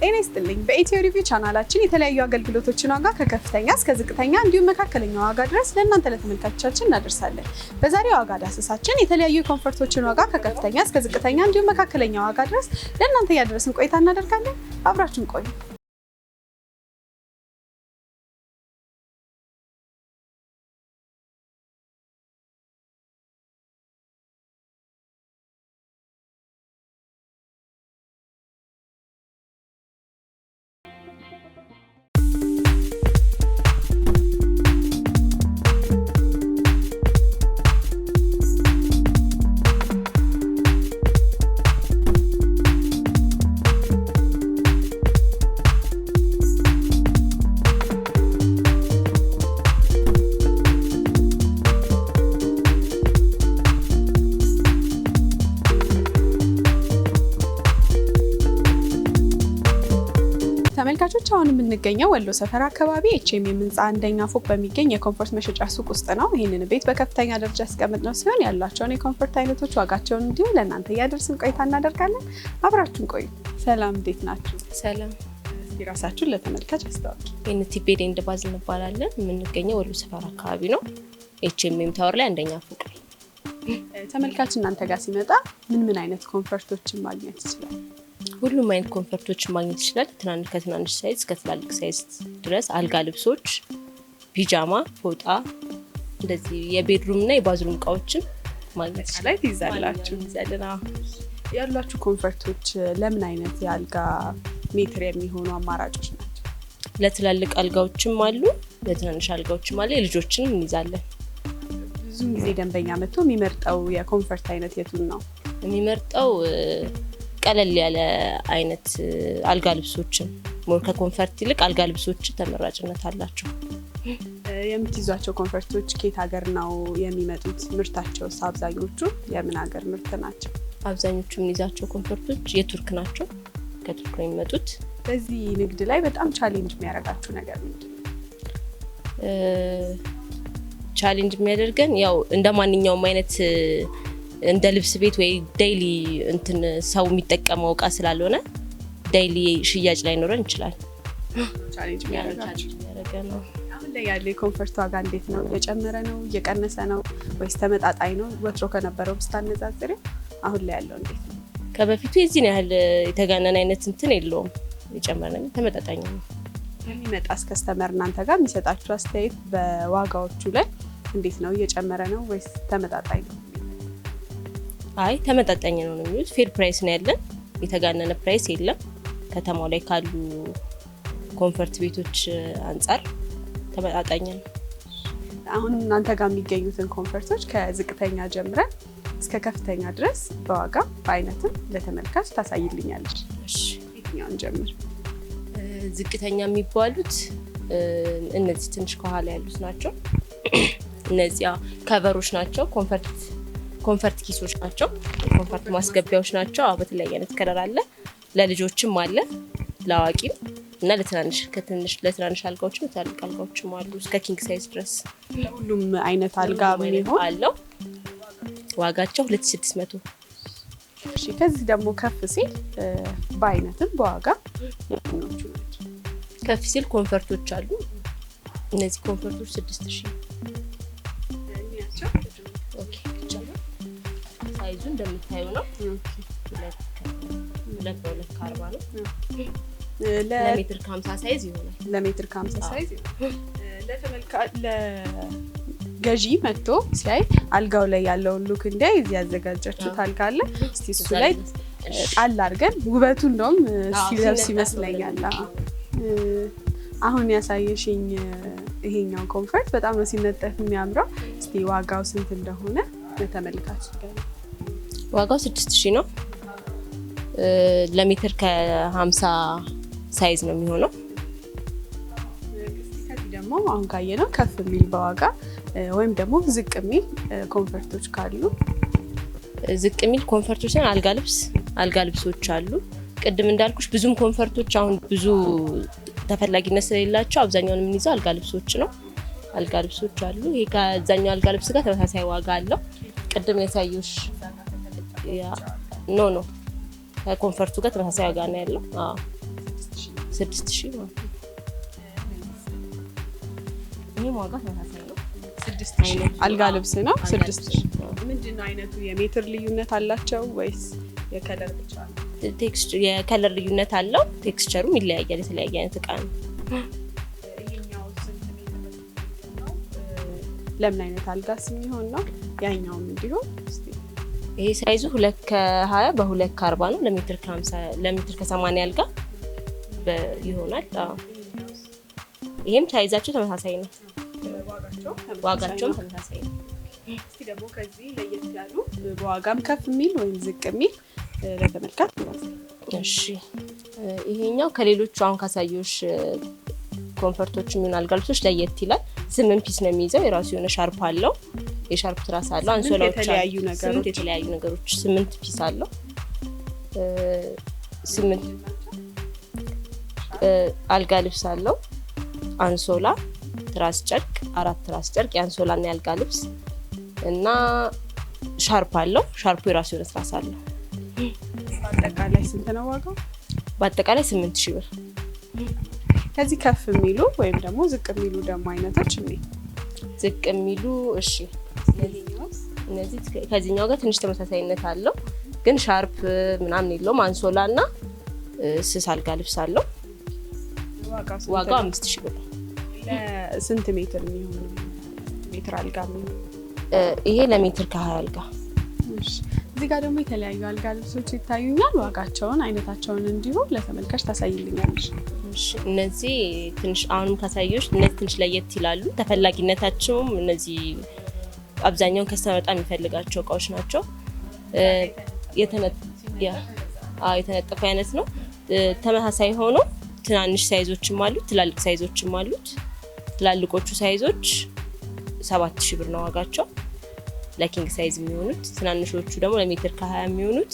ጤና ይስጥልኝ። በኢትዮ ሪቪው ቻናላችን የተለያዩ አገልግሎቶችን ዋጋ ከከፍተኛ እስከ ዝቅተኛ እንዲሁም መካከለኛ ዋጋ ድረስ ለእናንተ ለተመልካቾቻችን እናደርሳለን። በዛሬ ዋጋ ዳሰሳችን የተለያዩ ኮንፈርቶችን ዋጋ ከከፍተኛ እስከ ዝቅተኛ እንዲሁም መካከለኛ ዋጋ ድረስ ለእናንተ እያደረስን ቆይታ እናደርጋለን። አብራችን ቆዩ። የምንገኘው ወሎ ሰፈር አካባቢ ኤችኤምኤም H&M ህንፃ አንደኛ ፎቅ በሚገኝ የኮንፎርት መሸጫ ሱቅ ውስጥ ነው። ይህንን ቤት በከፍተኛ ደረጃ ያስቀመጥነው ሲሆን ያላቸውን የኮንፎርት አይነቶች ዋጋቸውን እንዲሁም ለእናንተ እያደረስን ቆይታ እናደርጋለን። አብራችን ቆዩ። ሰላም፣ እንዴት ናችሁ? ሰላም። ራሳችሁን ለተመልካች አስታውቂ። የንቲቤ ዴንድ ባዝ እንባላለን። የምንገኘው ወሎ ሰፈር አካባቢ ነው። ኤችኤምኤም H&M ታወር ላይ አንደኛ ፎቅ ተመልካች እናንተ ጋር ሲመጣ ምን ምን አይነት ኮንፈርቶችን ማግኘት ይችላል? ሁሉም አይነት ኮንፈርቶችን ማግኘት ይችላል። ትናንሽ ከትናንሽ ሳይዝ እስከ ትላልቅ ሳይዝ ድረስ አልጋ ልብሶች፣ ፒጃማ፣ ፎጣ እንደዚህ የቤድሩም እና የባዝሩም እቃዎችን ማግኘት ይችላል። ይዛላችሁ ይዛልና ያሏችሁ ኮንፈርቶች ለምን አይነት የአልጋ ሜትር የሚሆኑ አማራጮች ናቸው? ለትላልቅ አልጋዎችም አሉ፣ ለትናንሽ አልጋዎችም አለ። የልጆችንም እንይዛለን። ብዙ ጊዜ ደንበኛ መጥቶ የሚመርጠው የኮንፈርት አይነት የቱን ነው የሚመርጠው? ቀለል ያለ አይነት አልጋ ልብሶችን ከኮንፈርት ይልቅ አልጋ ልብሶች ተመራጭነት አላቸው። የምትይዟቸው ኮንፈርቶች ከየት ሀገር ነው የሚመጡት? ምርታቸው አብዛኞቹ የምን ሀገር ምርት ናቸው? አብዛኞቹ የምንይዛቸው ኮንፈርቶች የቱርክ ናቸው፣ ከቱርክ ነው የሚመጡት። በዚህ ንግድ ላይ በጣም ቻሌንጅ የሚያደርጋችሁ ነገር ምንድን ቻሌንጅ የሚያደርገን ያው እንደ ማንኛውም አይነት እንደ ልብስ ቤት ወይ ዴይሊ እንትን ሰው የሚጠቀመው እቃ ስላልሆነ ዴይሊ ሽያጭ ላይኖረን ይችላል። ቻሌንጅ የሚያደርግ ነው። አሁን ላይ ያለው የኮንፈርት ዋጋ እንዴት ነው? እየጨመረ ነው? እየቀነሰ ነው? ወይስ ተመጣጣኝ ነው? ወትሮ ከነበረው ስታነጻጽሪ አሁን ላይ ያለው እንዴት ነው? ከበፊቱ የዚህን ያህል የተጋነን አይነት እንትን የለውም። የጨመረ ነው፣ ተመጣጣኝ ነው። የሚመጣ ከስተመር እናንተ ጋር የሚሰጣችሁ አስተያየት በዋጋዎቹ ላይ እንዴት ነው? እየጨመረ ነው ወይስ ተመጣጣኝ ነው? አይ ተመጣጣኝ ነው ነው የሚሉት። ፌር ፕራይስ ነው ያለን፣ የተጋነነ ፕራይስ የለም። ከተማው ላይ ካሉ ኮንፈርት ቤቶች አንጻር ተመጣጣኝ ነው። አሁን እናንተ ጋር የሚገኙትን ኮንፈርቶች ከዝቅተኛ ጀምረን እስከ ከፍተኛ ድረስ በዋጋ በአይነትም ለተመልካች ታሳይልኛለች። የትኛውን ጀምር? ዝቅተኛ የሚባሉት እነዚህ ትንሽ ከኋላ ያሉት ናቸው። እነዚያ ከቨሮች ናቸው ኮንፈርት ኮንፈርት ኪሶች ናቸው። ኮንፈርት ማስገቢያዎች ናቸው። በተለያየ አይነት ከለር አለ። ለልጆችም አለ ለአዋቂም እና ለትናንሽ ከትንሽ ለትናንሽ አልጋዎችም ትላልቅ አልጋዎችም አሉ እስከ ኪንግ ሳይዝ ድረስ ሁሉም አይነት አልጋ የሚሆን አለው። ዋጋቸው ሁለት ሺህ ስድስት መቶ ከዚህ ደግሞ ከፍ ሲል በአይነትም በዋጋ ከፍ ሲል ኮንፈርቶች አሉ። እነዚህ ኮንፈርቶች ስድስት ሺህ እንደምታዩ ነው። ሁለት በሁለት ከአርባ ነው። ለሜትር ከሀምሳ ሳይዝ ይሆናል። ለሜትር ከሀምሳ ሳይዝ ገዢ መጥቶ ሲያይ አልጋው ላይ ያለውን ሉክ እንዲያይ እዚህ ያዘጋጃችሁት አልጋ አለ። እስቲ እሱ ላይ ጣል አድርገን ውበቱ እንደውም ሲለብስ ይመስለኛል። አሁን ያሳየሽኝ ይሄኛው ኮንፈርት በጣም ነው ሲነጠፍ የሚያምረው። እስቲ ዋጋው ስንት እንደሆነ ለተመልካች ዋጋው 6000 ነው። ለሜትር ከ50 ሳይዝ ነው የሚሆነው። ደግሞ አሁን ካየ ነው ከፍ የሚል በዋጋ ወይም ደግሞ ዝቅ የሚል ኮንፈርቶች ካሉ ዝቅ የሚል ኮንፈርቶች ሳይሆን አልጋ ልብስ አልጋ ልብሶች አሉ። ቅድም እንዳልኩሽ ብዙም ኮንፈርቶች አሁን ብዙ ተፈላጊነት ስለሌላቸው አብዛኛውን የምንይዘው አልጋ ልብሶች ነው። አልጋ ልብሶች አሉ። ይሄ ከዛኛው አልጋ ልብስ ጋር ተመሳሳይ ዋጋ አለው። ቅድም ያሳየሽ ኖ ኖ ከኮንፈርቱ ጋር ተመሳሳይ ዋጋ ነው ያለው። ስድስት ሺህ ዋጋ ተመሳሳይ ነው። አልጋ ልብስ ነው ስድስት ሺህ ምንድን ነው አይነቱ? የሜትር ልዩነት አላቸው ወይስ የከለር ብቻ ነው? የከለር ልዩነት አለው። ቴክስቸሩም ይለያያል። የተለያየ አይነት እቃ ነው። ለምን አይነት አልጋስ የሚሆን ነው? ያኛውም እንዲሁም ይሄ ሳይዙ ሁለት ከሀያ በሁለት ነው። ለሜትር ከ80 አልጋ ይሆናል። ይሄም ሳይዛቸው ተመሳሳይ ነው፣ ዋጋቸውም ተመሳሳይ ነው። እስኪ ደግሞ ከዚህ ለየት ያሉ በዋጋም ከፍ የሚል ወይም ዝቅ የሚል ለተመልካት። እሺ ይሄኛው ከሌሎቹ አሁን ካሳየሁሽ ኮንፈርቶች የሚሆን አልጋ ለየት ይላል። ስምንት ፒስ ነው የሚይዘው። የራሱ የሆነ ሻርፕ አለው። የሻርፕ ትራስ አለው። አንሶላዎች የተለያዩ ነገሮች የተለያዩ ነገሮች ስምንት ፒስ አለው። ስምንት አልጋ ልብስ አለው። አንሶላ፣ ትራስ ጨርቅ፣ አራት ትራስ ጨርቅ፣ የአንሶላና የአልጋ ልብስ እና ሻርፕ አለው። ሻርፑ የራሱ የሆነ ትራስ አለው። በአጠቃላይ ስንት ነው ዋጋው? በአጠቃላይ ስምንት ሺህ ብር። ከዚህ ከፍ የሚሉ ወይም ደግሞ ዝቅ የሚሉ ደግሞ አይነቶች ዝቅ የሚሉ እሺ እነዚህ ከዚህኛው ጋር ትንሽ ተመሳሳይነት አለው፣ ግን ሻርፕ ምናምን የለውም። አንሶላ እና ስስ አልጋ ልብስ አለው። ዋጋው አምስት ሺህ ብር። ስንት ሜትር የሚሆን ሜትር አልጋ ይሄ? ለሜትር ከሀያ አልጋ እዚህ ጋር ደግሞ የተለያዩ አልጋ ልብሶች ይታዩኛል። ዋጋቸውን፣ አይነታቸውን እንዲሁ ለተመልካች ታሳይልኛለች። እነዚህ ትንሽ አሁንም ካሳየች እነዚህ ትንሽ ለየት ይላሉ። ተፈላጊነታቸውም እነዚህ አብዛኛውን ከስተመር በጣም የሚፈልጋቸው እቃዎች ናቸው። የተነጠፈ አይነት ነው። ተመሳሳይ ሆኖ ትናንሽ ሳይዞችም አሉት፣ ትላልቅ ሳይዞችም አሉት። ትላልቆቹ ሳይዞች ሰባት ሺህ ብር ነው ዋጋቸው ለኪንግ ሳይዝ የሚሆኑት። ትናንሾቹ ደግሞ ለሜትር ከ20 የሚሆኑት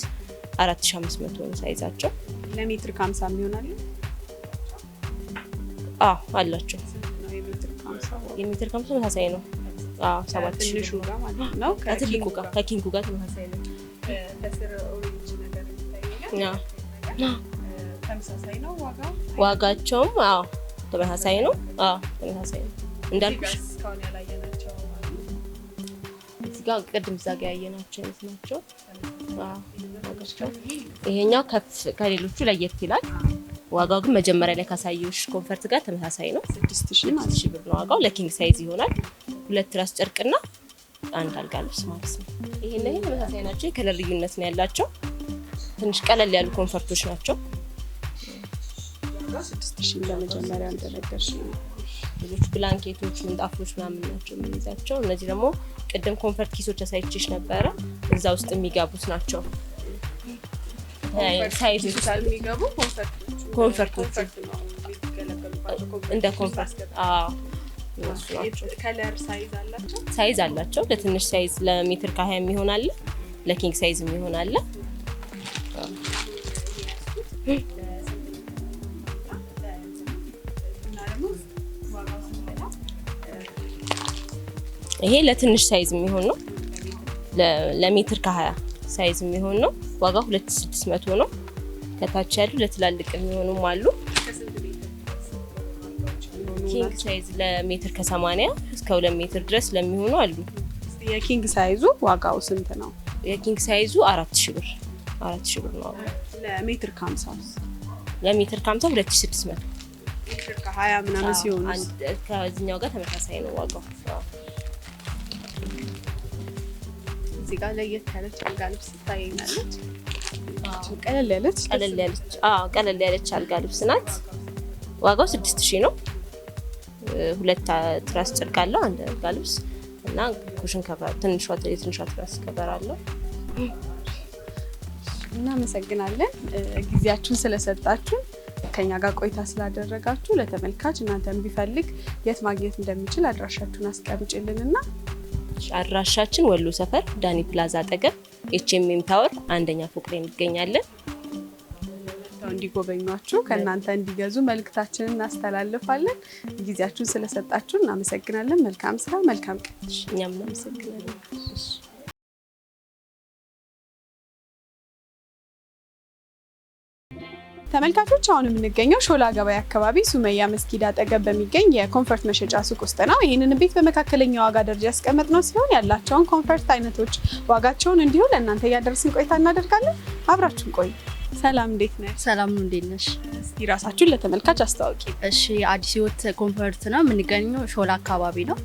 4500 ሺህ ነው ሳይዛቸው። ለሜትር ከ50 የሚሆናሉ አላቸው። የሜትር ከሀምሳ ተመሳሳይ ነው ሰባት ሺህ ነው። ከትልቁ ጋር ከኪንጉ ጋር ተመሳሳይ ነው። ዋጋቸውም አዎ ተመሳሳይ ነው። አዎ ተመሳሳይ ነው እንዳልኩሽ እዚህ ጋር ቅድም እዛ ያየናቸው አይነት ናቸው። ይሄኛው ከፍ ከሌሎቹ ለየት ይላል። ዋጋው ግን መጀመሪያ ላይ ካሳየሽ ኮንፈርት ጋር ተመሳሳይ ነው። ስድስት ሺህ ብር ነው ዋጋው። ለኪንግ ሳይዝ ይሆናል። ሁለት ራስ ጨርቅና አንድ አልጋ ልብስ ማለት ነው። ይሄን ይሄ ተመሳሳይ ናቸው። የከለር ልዩነት ነው ያላቸው። ትንሽ ቀለል ያሉ ኮንፈርቶች ናቸው። ስድስት ሺህ ለመጀመሪያ እንደነገርሽ ልጆች ብላንኬቶች፣ ምንጣፎች ምናምን ናቸው የምንይዛቸው። እነዚህ ደግሞ ቅድም ኮንፈርት ኪሶች አሳይችሽ ነበረ። እዛ ውስጥ የሚገቡት ናቸው። ሳይዝ ኮንፈርቶች እንደ ኮንፈርት ሳይዝ አላቸው። ለትንሽ ሳይዝ ለሜትር ከሀያ የሚሆን አለ፣ ለኪንግ ሳይዝ የሚሆን አለ። ይሄ ለትንሽ ሳይዝ የሚሆን ነው። ለሜትር ከሀያ ሳይዝ የሚሆን ነው። ዋጋው 2600 ነው። ከታች ያሉ ለትላልቅ የሚሆኑም አሉ። ኪንግ ሳይዝ ለሜትር ከ80 እስከ 2 ሜትር ድረስ ለሚሆኑ አሉ። የኪንግ ሳይዙ ዋጋው ስንት ነው? የኪንግ ሳይዙ አራት ሺህ ብር አራት ሺህ ብር ነው። ለሜትር ከሀምሳ ለሜትር ከሀምሳ ሁለት ሺህ ስድስት መቶ ሜትር ከሀያ ምናምን ሲሆን ከዚህኛው ጋር ተመሳሳይ ነው ዋጋው። እዚህ ጋር ለየት ያለች አልጋ ልብስ ታገኛለች። ቀለል ያለች ቀለል ያለች አልጋ ልብስ ናት። ዋጋው ስድስት ሺህ ነው። ሁለት ትራስ ጨርቅ አለው። አንድ አልጋ ልብስ እና ኩሽን ከቨር ትንሿ የትንሿ ትራስ ከቨር አለው። እናመሰግናለን ጊዜያችሁን ስለሰጣችሁ ከኛ ጋር ቆይታ ስላደረጋችሁ። ለተመልካች እናንተን ቢፈልግ የት ማግኘት እንደሚችል አድራሻችሁን አስቀምጭልንና አድራሻችን ወሎ ሰፈር ዳኒ ፕላዛ አጠገብ ኤችኤምኤም ታወር አንደኛ ፎቅ ላይ እንገኛለን። እንዲጎበኟችሁ ከእናንተ እንዲገዙ መልክታችንን እናስተላልፋለን። ጊዜያችሁን ስለሰጣችሁ እናመሰግናለን። መልካም ስራ፣ መልካም ቀንሽ እኛም እናመሰግናለን። ተመልካቾች አሁን የምንገኘው ሾላ ገበያ አካባቢ ሱመያ መስጊድ አጠገብ በሚገኝ የኮንፈርት መሸጫ ሱቅ ውስጥ ነው። ይህንን ቤት በመካከለኛ ዋጋ ደረጃ ያስቀመጥ ነው ሲሆን ያላቸውን ኮንፈርት አይነቶች ዋጋቸውን እንዲሁ ለእናንተ እያደረስን ቆይታ እናደርጋለን። አብራችን ቆይ ሰላም እንዴት ነህ? ሰላም ነው። እንዴት ነሽ? እስቲ ራሳችሁን ለተመልካች አስተዋውቂ። እሺ፣ አዲስ ህይወት ኮንፈርት ነው የምንገኘው፣ ሾላ አካባቢ ነው።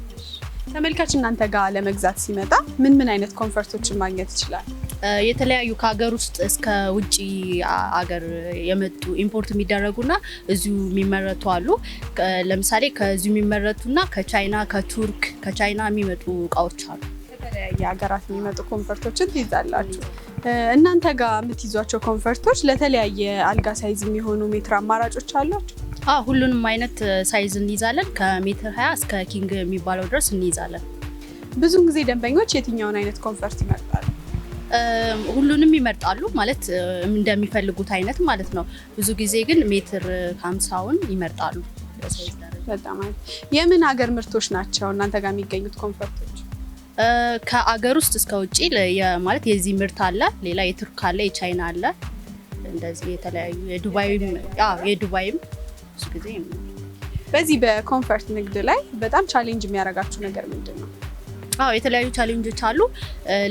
ተመልካች እናንተ ጋር ለመግዛት ሲመጣ ምን ምን አይነት ኮንፈርቶችን ማግኘት ይችላል? የተለያዩ ከሀገር ውስጥ እስከ ውጭ ሀገር የመጡ ኢምፖርት የሚደረጉና እዚሁ የሚመረቱ አሉ። ለምሳሌ ከዚሁ የሚመረቱና ከቻይና ከቱርክ፣ ከቻይና የሚመጡ እቃዎች አሉ። ከተለያየ ሀገራት የሚመጡ ኮንፈርቶችን ትይዛላችሁ። እናንተ ጋር የምትይዟቸው ኮንፈርቶች ለተለያየ አልጋ ሳይዝ የሚሆኑ ሜትር አማራጮች አሏቸው? አዎ ሁሉንም አይነት ሳይዝ እንይዛለን። ከሜትር 20 እስከ ኪንግ የሚባለው ድረስ እንይዛለን። ብዙን ጊዜ ደንበኞች የትኛውን አይነት ኮንፈርት ይመርጣሉ? ሁሉንም ይመርጣሉ ማለት እንደሚፈልጉት አይነት ማለት ነው። ብዙ ጊዜ ግን ሜትር ሀምሳውን ይመርጣሉ። በጣም የምን ሀገር ምርቶች ናቸው እናንተ ጋር የሚገኙት ኮንፈርቶች? ከአገር ውስጥ እስከ ውጭ ማለት የዚህ ምርት አለ፣ ሌላ የቱርክ አለ፣ የቻይና አለ፣ እንደዚህ የተለያዩ የዱባይም ብዙ ጊዜ። በዚህ በኮንፈርት ንግድ ላይ በጣም ቻሌንጅ የሚያደርጋችሁ ነገር ምንድን ነው? አዎ የተለያዩ ቻሌንጆች አሉ።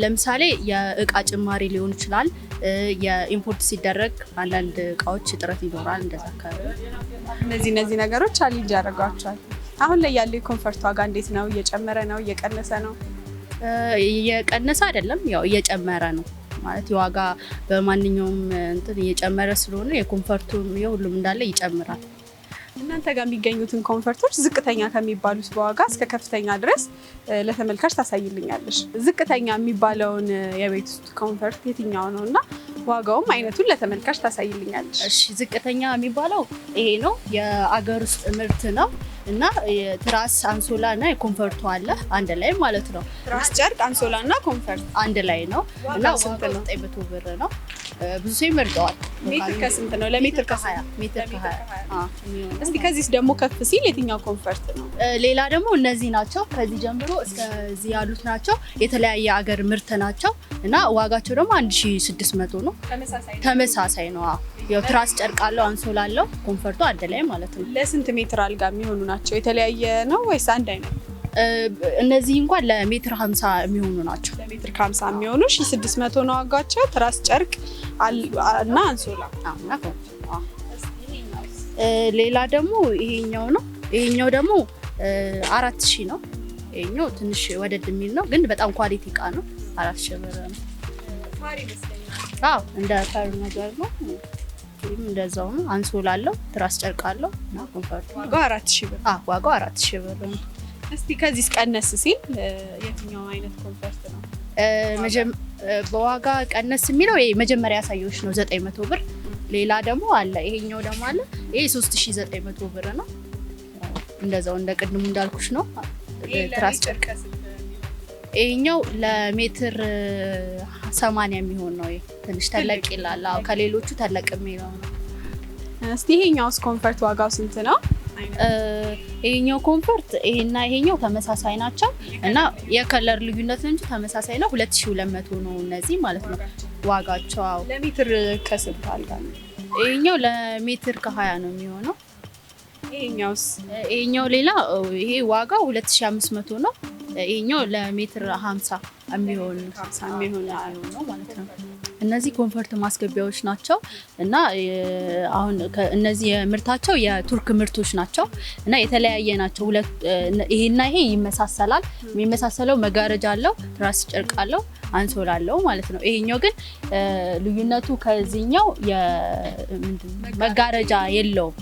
ለምሳሌ የእቃ ጭማሪ ሊሆን ይችላል። የኢምፖርት ሲደረግ አንዳንድ እቃዎች እጥረት ይኖራል። እንደዛ አካባቢ እነዚህ እነዚህ ነገሮች ቻሌንጅ ያደርጓቸዋል። አሁን ላይ ያለው የኮንፈርት ዋጋ እንዴት ነው? እየጨመረ ነው? እየቀነሰ ነው? እየቀነሰ አይደለም፣ ያው እየጨመረ ነው ማለት የዋጋ በማንኛውም እንትን እየጨመረ ስለሆነ የኮንፈርቱ የሁሉም እንዳለ ይጨምራል። እናንተ ጋር የሚገኙትን ኮንፈርቶች ዝቅተኛ ከሚባሉት በዋጋ እስከ ከፍተኛ ድረስ ለተመልካች ታሳይልኛለች። ዝቅተኛ የሚባለውን የቤት ውስጥ ኮንፈርት የትኛው ነው እና ዋጋውም አይነቱን ለተመልካች ታሳይልኛለች። እሺ፣ ዝቅተኛ የሚባለው ይሄ ነው። የአገር ውስጥ ምርት ነው። እና የትራስ አንሶላ እና የኮንፈርቱ አለ አንድ ላይ ማለት ነው። ትራስ ጨርቅ፣ አንሶላ እና ኮንፈርት አንድ ላይ ነው እና ዋጋው ዘጠኝ መቶ ብር ነው። ብዙ ሰው ይመርጠዋል። ሜትር ከስንት ነው? ለሜትር ከሀያ ሜትር ከሀያ እስኪ ከዚህ ደግሞ ከፍ ሲል የትኛው ኮንፈርት ነው? ሌላ ደግሞ እነዚህ ናቸው። ከዚህ ጀምሮ እስከዚህ ያሉት ናቸው። የተለያየ አገር ምርት ናቸው እና ዋጋቸው ደግሞ አንድ ሺህ ስድስት መቶ ነው። ተመሳሳይ ነው። ያው ትራስ ጨርቅ አለው፣ አንሶላ አለው፣ ኮንፈርቱ አንድ ላይ ማለት ነው። ለስንት ሜትር አልጋ የሚሆኑ ናቸው? የተለያየ ነው ወይስ አንድ አይነት? እነዚህ እንኳን ለሜትር 50 የሚሆኑ ናቸው። ለሜትር 50 የሚሆኑ 1600 ነው ዋጋቸው። ትራስ ጨርቅ እና አንሶላ። ሌላ ደግሞ ይሄኛው ነው። ይሄኛው ደግሞ አራት ሺ ነው። ይሄኛው ትንሽ ወደድ የሚል ነው፣ ግን በጣም ኳሊቲ እቃ ነው። አራት ብር ነው። እንደ ፈር ነገር ነው። በኩልም እንደዛው ነው። አንሶላ አለው፣ ትራስ ጨርቅ አለው እና ኮንፈርት ዋጋው አራት ሺህ ብር አዎ፣ ዋጋው አራት ሺህ ብር ነው። እስቲ ከዚህ ቀነስ ሲል የትኛው አይነት ኮንፈርት ነው በዋጋ ቀነስ የሚለው? መጀመሪያ ያሳየዎች ነው ዘጠኝ መቶ ብር ሌላ ደግሞ አለ። ይሄኛው ደግሞ አለ። ይሄ 3900 ብር ነው። እንደዛው እንደ ቅድሙ እንዳልኩሽ ነው። ትራስ ጨርቅ ይሄኛው ለሜትር ሰማንያ የሚሆን ነው። ትንሽ ተለቅ ይላል። ከሌሎቹ ተለቅ የሚለው ነው። እስቲ ይሄኛውስ ኮንፈርት ዋጋው ስንት ነው? ይሄኛው ኮንፈርት ይሄና ይሄኛው ተመሳሳይ ናቸው እና የከለር ልዩነት እንጂ ተመሳሳይ ነው። 2200 ነው እነዚህ ማለት ነው ዋጋቸው። ለሜትር ከስንት አልጋ ነው? ይሄኛው ለሜትር ከ20 ነው የሚሆነው። ይሄኛውስ? ይሄኛው ሌላ ይሄ ዋጋው 2500 ነው። ይሄኛው ለሜትር ሀምሳ የሚሆን የሚሆን ነው ማለት ነው። እነዚህ ኮንፈርት ማስገቢያዎች ናቸው እና አሁን እነዚህ ምርታቸው የቱርክ ምርቶች ናቸው እና የተለያየ ናቸው። ይሄና ይሄ ይመሳሰላል። የሚመሳሰለው መጋረጃ አለው፣ ትራስ ጨርቅ አለው፣ አንሶላ አለው ማለት ነው። ይሄኛው ግን ልዩነቱ ከዚህኛው መጋረጃ የለውም።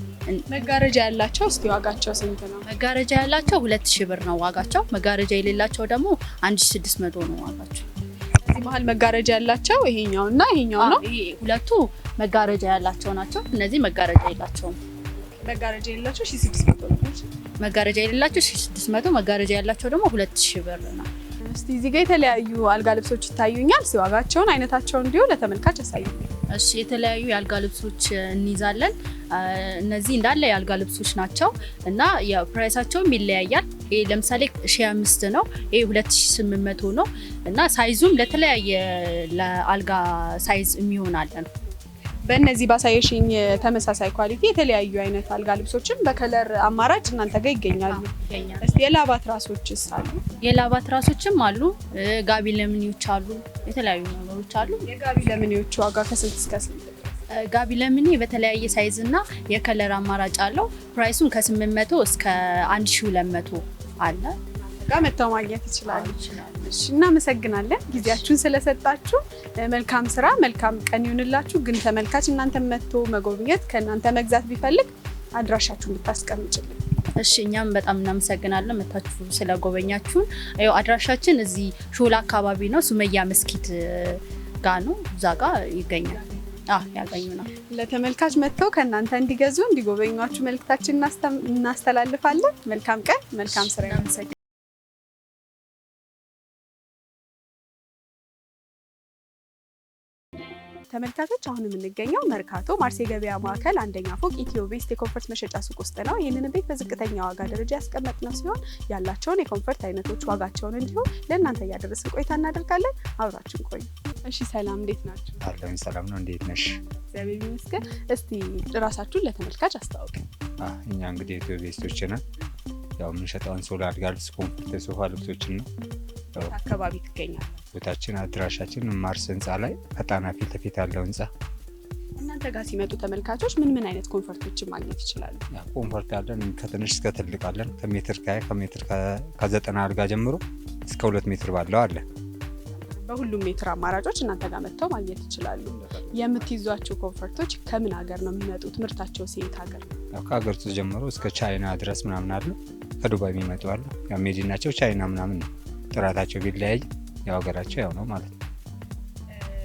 መጋረጃ ያላቸው እስኪ ዋጋቸው ስንት ነው? መጋረጃ ያላቸው ሁለት ሺህ ብር ነው ዋጋቸው። መጋረጃ የሌላቸው ደግሞ አንድ ሺህ ስድስት መቶ ነው ዋጋቸው። እዚህ መሀል መጋረጃ ያላቸው ይሄኛው እና ይሄኛው ነው። ሁለቱ መጋረጃ ያላቸው ናቸው። እነዚህ መጋረጃ የላቸውም። መጋረጃ የሌላቸው ሺህ ስድስት መቶ ነው። መጋረጃ የሌላቸው ሺህ ስድስት መቶ መጋረጃ ያላቸው ደግሞ ሁለት ሺህ ብር ነው። እስቲ እዚህ ጋር የተለያዩ አልጋ ልብሶች ይታዩኛል። ሲዋጋቸውን አይነታቸውን አይነታቸው እንዲሁ ለተመልካች ያሳዩኛል። እሺ የተለያዩ የአልጋ ልብሶች እንይዛለን። እነዚህ እንዳለ የአልጋ ልብሶች ናቸው እና የፕራይሳቸውም ይለያያል። ይሄ ለምሳሌ ሺ አምስት ነው። ይሄ ሁለት ሺ ስምንት መቶ ነው እና ሳይዙም ለተለያየ ለአልጋ ሳይዝ የሚሆን አለ ነው በእነዚህ ባሳየሽኝ ተመሳሳይ ኳሊቲ የተለያዩ አይነት አልጋ ልብሶችን በከለር አማራጭ እናንተ ጋር ይገኛሉ። እስኪ የላባ ትራሶችስ አሉ? የላባ ትራሶችም አሉ። ጋቢ ለምኒዎች አሉ። የተለያዩ ነገሮች አሉ። የጋቢ ለምኒዎች ዋጋ ከስንት እስከ ስንት? ጋቢ ለምኒ በተለያየ ሳይዝ እና የከለር አማራጭ አለው። ፕራይሱን ከ800 እስከ 1200 አለ። ጋር መጥተው ማግኘት ይችላሉ። እናመሰግናለን ጊዜያችሁን ስለሰጣችሁ። መልካም ስራ፣ መልካም ቀን ይሁንላችሁ። ግን ተመልካች እናንተ መጥቶ መጎብኘት ከእናንተ መግዛት ቢፈልግ አድራሻችሁን ብታስቀምጭልን። እሺ እኛም በጣም እናመሰግናለን መታችሁ ስለጎበኛችሁን። ያው አድራሻችን እዚህ ሾላ አካባቢ ነው፣ ሱመያ መስኪት ጋ ነው፣ እዛ ጋ ይገኛል ያገኙናል። ለተመልካች መጥተው ከእናንተ እንዲገዙ እንዲጎበኟችሁ መልክታችን እናስተላልፋለን። መልካም ቀን፣ መልካም ስራ። ተመልካቾች አሁን የምንገኘው መርካቶ ማርሴ ገበያ ማዕከል አንደኛ ፎቅ ኢትዮ ቤስት የኮንፈርት መሸጫ ሱቅ ውስጥ ነው። ይህንን ቤት በዝቅተኛ ዋጋ ደረጃ ያስቀመጥነው ሲሆን ያላቸውን የኮንፈርት አይነቶች ዋጋቸውን እንዲሁም ለእናንተ እያደረስን ቆይታ እናደርጋለን። አብራችን ቆዩ። እሺ፣ ሰላም እንዴት ናቸው? አለሁኝ ሰላም ነው። እንዴት ነሽ? እግዚአብሔር ይመስገን። እስቲ ራሳችሁን ለተመልካች አስተዋውቅ። እኛ እንግዲህ ኢትዮ ቤስቶች ነን ያው የምንሸጠውን አንሶላ፣ አልጋ ልብስ፣ ኮምፎርት፣ የሶፋ ልብሶችን ነው። አካባቢ ትገኛል። ቦታችን አድራሻችን ማርስ ህንፃ ላይ ከጣና ፊት ለፊት ያለው ህንፃ። እናንተ ጋር ሲመጡ ተመልካቾች ምን ምን አይነት ኮምፎርቶችን ማግኘት ይችላሉ? ኮምፎርት ያለን ከትንሽ እስከ ትልቅ አለን። ከሜትር ከሜትር ከዘጠና አልጋ ጀምሮ እስከ ሁለት ሜትር ባለው አለን። በሁሉም ሜትር አማራጮች እናንተ ጋር መጥተው ማግኘት ይችላሉ። የምትይዟቸው ኮንፈርቶች ከምን ሀገር ነው የሚመጡት? ምርታቸው ሴት ሀገር ከሀገር ውስጥ ጀምሮ እስከ ቻይና ድረስ ምናምን አሉ። ከዱባይ የሚመጡ አሉ። ሜዲናቸው ቻይና ምናምን ነው። ጥራታቸው ቢለያይ ያው ሀገራቸው ያው ነው ማለት ነው።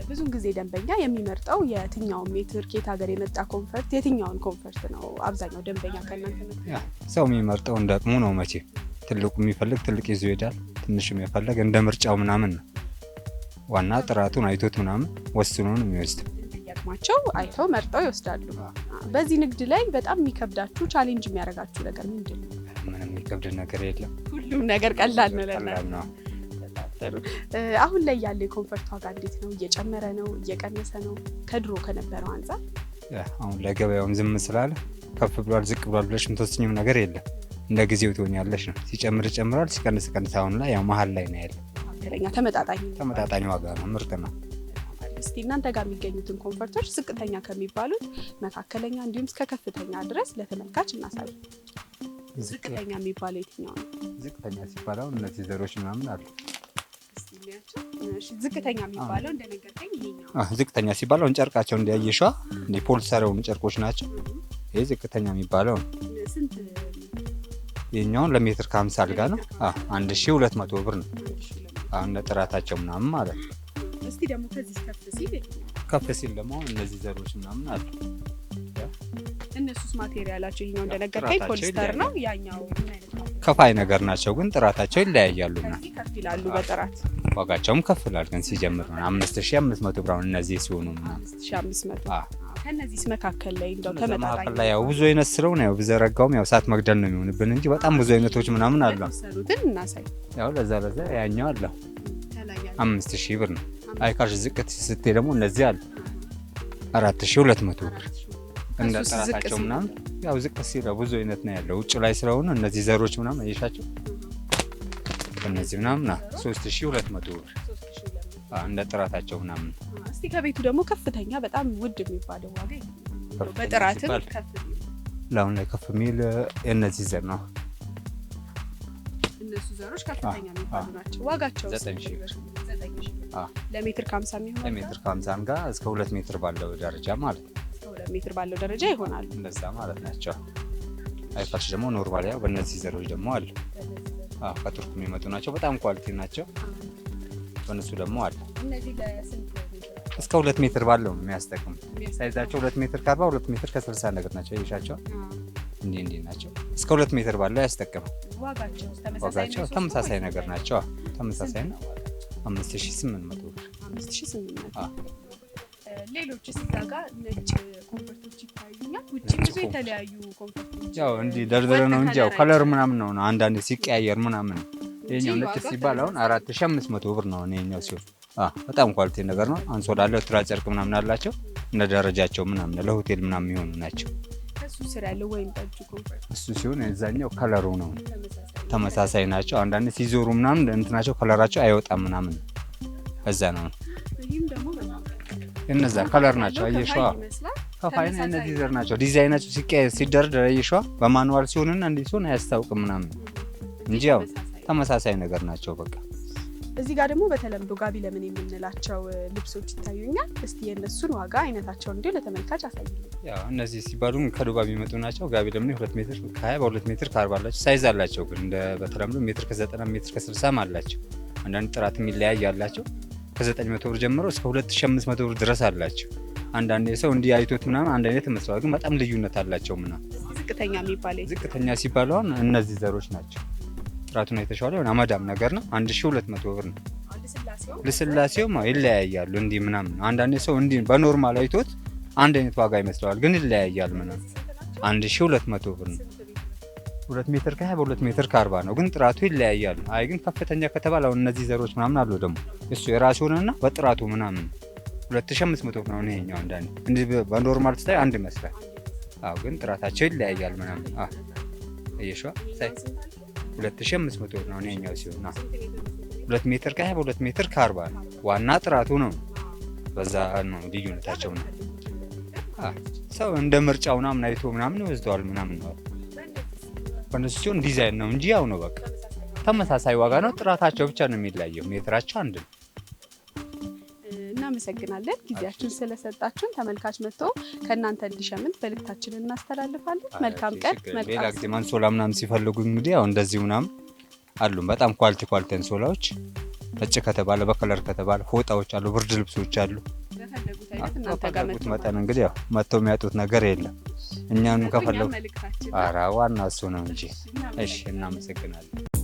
ብዙን ጊዜ ደንበኛ የሚመርጠው የትኛውን ሜትር ኬት ሀገር የመጣ ኮንፈርት የትኛውን ኮንፈርት ነው አብዛኛው ደንበኛ ከእናንተ ሰው የሚመርጠው እንደ አቅሙ ነው። መቼ ትልቁ የሚፈልግ ትልቅ ይዞ ይሄዳል። ትንሽ የሚፈልግ እንደ ምርጫው ምናምን ነው። ዋና ጥራቱን አይቶት ምናምን ወስኖ ነው የሚወስደው። የሚያጋጥማቸው አይተው መርጠው ይወስዳሉ። በዚህ ንግድ ላይ በጣም የሚከብዳችሁ ቻሌንጅ የሚያደርጋችሁ ነገር ምንድን ነው? ምንም የሚከብድ ነገር የለም። ሁሉም ነገር ቀላል ነው። አሁን ላይ ያለው የኮንፈርት ዋጋ እንዴት ነው? እየጨመረ ነው? እየቀነሰ ነው? ከድሮ ከነበረው አንጻር አሁን ላይ ገበያውም ዝም ስላለ ከፍ ብሏል ዝቅ ብሏል ብለሽ የምትወስኝም ነገር የለም። እንደ ጊዜው ትሆኛለሽ ነው። ሲጨምር ይጨምራል፣ ሲቀንስ ቀንስ። አሁን ላይ ያው መሀል ላይ ነው ያለ ይመስለኛል። ተመጣጣኝ ተመጣጣኝ ዋጋ ነው፣ ምርት ነው። እስቲ እናንተ ጋር የሚገኙትን ኮንፈርቶች ዝቅተኛ ከሚባሉት መካከለኛ፣ እንዲሁም እስከ ከፍተኛ ድረስ ለተመልካች እናሳል ዝቅተኛ የሚባለው የትኛው ነው? ዝቅተኛ ሲባለው እነዚህ ዘሮች ምናምን አሉ። ዝቅተኛ የሚባለው እንደነገርከኝ ይሄኛው። ዝቅተኛ ሲባል ጨርቃቸው እንዲያየሿ ፖሊስተር ጨርቆች ናቸው። ይህ ዝቅተኛ የሚባለው ነው። ይህኛውን ለሜትር ከሀምሳ አልጋ ነው አንድ ሺህ ሁለት መቶ ብር ነው። አሁን ጥራታቸው ምናምን ማለት ነው። እስቲ ደግሞ ከዚህ ከፍ ሲል ከፍ ሲል ደግሞ እነዚህ ዘሮች ምናምን አሉ። እነሱስ ማቴሪያላቸው ይኛው እንደነገርከኝ ፖሊስተር ነው። ያኛው ከፋይ ነገር ናቸው፣ ግን ጥራታቸው ይለያያሉ። ና ዋጋቸውም ከፍላል። ግን ሲጀምር ነው አምስት ሺ አምስት መቶ ብር እነዚህ ሲሆኑ ምናምን አምስት አምስት መቶ ከነዚህ መካከል ላይ እንደው ተመጣጣኝ ላይ ያው ብዙ አይነት ስለው ነው ያው ብዘረጋውም ያው ሰዓት መግደል ነው የሚሆንብን እንጂ በጣም ብዙ አይነቶች ምናምን አሉ። ሰሩትን እናሳይ ያው ለዛ ለዛ ያኛው አለ አምስት ሺህ ብር ነው። አይካሽ ዝቅት ስትይ ደግሞ እነዚህ አሉ አራት ሺህ ሁለት መቶ ብር እንደ ጥራታቸው ምናምን ያው ዝቅ ሲል ብዙ አይነት ነው ያለው። ውጭ ላይ ስለሆነ እነዚህ ዘሮች ምናምን እየሻቸው እነዚህ ምናምን ሶስት ሺህ ሁለት መቶ ብር እንደ ጥራታቸው ምናምን። እስቲ ከቤቱ ደግሞ ከፍተኛ በጣም ውድ የሚባለው ዋጋ በጥራትም ለአሁን ላይ ከፍ የሚል የእነዚህ ዘር ነው። እነሱ ዘሮች ከፍተኛ የሚባሉ ናቸው። ዋጋቸው ለሜትር ከሀምሳ የሚሆን ለሜትር ከሀምሳን ጋር እስከ ሁለት ሜትር ባለው ደረጃ ማለት ነው። ሁለት ሜትር ባለው ደረጃ ይሆናሉ። እነዛ ማለት ናቸው። አይፋች ደግሞ ኖርማል ያው በእነዚህ ዘሮች ደግሞ አሉ ከቱርክ የሚመጡ ናቸው። በጣም ኳሊቲ ናቸው። በእነሱ ደግሞ አለ። እስከ ሁለት ሜትር ባለው የሚያስጠቅም ሳይዛቸው ሁለት ሜትር ከአርባ ሁለት ሜትር ከስልሳ ነገር ናቸው። ይሻቸው እንዲህ እንዲህ ናቸው። እስከ ሁለት ሜትር ባለው ያስጠቅም። ዋጋቸው ተመሳሳይ ነገር ናቸው። ተመሳሳይ ነው። አምስት ሺህ ስምንት መቶ ብር ሌሎች እዛ ጋር ነጭ ኮንፈርቶች ይታዩኛል። ውጭ ብዙ የተለያዩ ኮንፈርቶች ያው እንዲህ ደርደረ ነው እንጂ ያው ከለር ምናምን ነው አንዳንድ ሲቀያየር ምናምን ነው ይሄኛው ነጭ ሲባል አሁን አራት ሺህ አምስት መቶ ብር ነው። ይሄኛው ሲሆን በጣም ኳሊቲ ነገር ነው። አንሶላ አለው ትራ ጨርቅ ምናምን አላቸው እንደ ደረጃቸው ምናምን ለሆቴል ምናምን የሚሆኑ ናቸው። እሱ ሲሆን የዛኛው ከለሩ ነው ተመሳሳይ ናቸው። አንዳንድ ሲዞሩ ምናምን እንትናቸው ከለራቸው አይወጣም ምናምን እዛ ነው እነዛ ከለር ናቸው። አየሸዋ ከፋይና እነዚህ ዘር ናቸው። ዲዛይናቸው ሲቀየር ሲደርደር አየሸዋ በማኑዋል ሲሆንና እንዲህ ሲሆን አያስታውቅም ምናምን እንጂ ያው ተመሳሳይ ነገር ናቸው። በቃ እዚህ ጋር ደግሞ በተለምዶ ጋቢ ለምን የምንላቸው ልብሶች ይታዩኛል። እስቲ የእነሱን ዋጋ አይነታቸውን እንዲሁ ለተመልካች አሳይልኝ። እነዚህ ሲባሉም ከዱባ የሚመጡ ናቸው። ጋቢ ለምን ሁለት ሜትር ከሀያ በሁለት ሜትር ከአርባ አላቸው። ሳይዝ አላቸው ግን እንደ በተለምዶ ሜትር ከዘጠና ሜትር ከስልሳም አላቸው። አንዳንድ ጥራት የሚለያይ አላቸው። ከዘጠኝ መቶ ብር ጀምሮ እስከ ሁለት ሺ አምስት መቶ ብር ድረስ አላቸው። አንዳንድ ሰው እንዲህ አይቶት ምናምን አንድ አይነት መስሏል፣ ግን በጣም ልዩነት አላቸው ምናምን ዝቅተኛ የሚባለ ዝቅተኛ ሲባለውን እነዚህ ዘሮች ናቸው። ጥራቱን የተሻለ የሆነ አመዳም ነገር ነው። 1200 ብር ነው። ልስላሴው ይለያያሉ። እንዲህ ምናምን አንዳንድ ሰው እንዲህ በኖርማል አይቶት አንድ አይነት ዋጋ ይመስለዋል፣ ግን ይለያያል ምናምን። 1200 ብር ነው። 2 ሜትር ከ20 ሜትር ከ40 ነው፣ ግን ጥራቱ ይለያያል። አይ ግን ከፍተኛ ከተባለ አሁን እነዚህ ዘሮች ምናምን አሉ ደግሞ እሱ የራሱ ሆነና በጥራቱ ምናምን 2500 ብር ነው ይሄኛው። አንዳንዴ እንዲህ በኖርማል ስታይ አንድ ይመስላል፣ ግን ጥራታቸው ይለያያል ምናምን እየሸዋ ሳይ 2500 ብር ነው ያኛው ሲሆን ሁለት ሜትር ከሀያ በሁለት ሜትር ከአርባ ነው። ዋና ጥራቱ ነው። በዛ ነው ልዩነታቸው ነው። ሰው እንደ ምርጫው ምናምን አይቶ ምናምን ይወስደዋል ምናምን ነው። በነሱ ሲሆን ዲዛይን ነው እንጂ ያው ነው በቃ ተመሳሳይ ዋጋ ነው። ጥራታቸው ብቻ ነው የሚለየው። ሜትራቸው አንድ ነው። እናመሰግናለን ጊዜያችን ስለሰጣችሁን። ተመልካች መጥቶ ከእናንተ እንዲሸምን መልእክታችንን እናስተላልፋለን። መልካም ቀን። ሌላ ጊዜ አንሶላ ምናምን ሲፈልጉ እንግዲህ ያው እንደዚህ ምናምን አሉም በጣም ኳልቲ ኳልቲ አንሶላዎች ነጭ ከተባለ በከለር ከተባለ ፎጣዎች አሉ፣ ብርድ ልብሶች አሉ። ፈለጉት መጠን እንግዲህ ያው መጥተው የሚያጡት ነገር የለም። እኛንም ከፈለጉ ኧረ ዋና እሱ ነው እንጂ። እሺ እናመሰግናለን።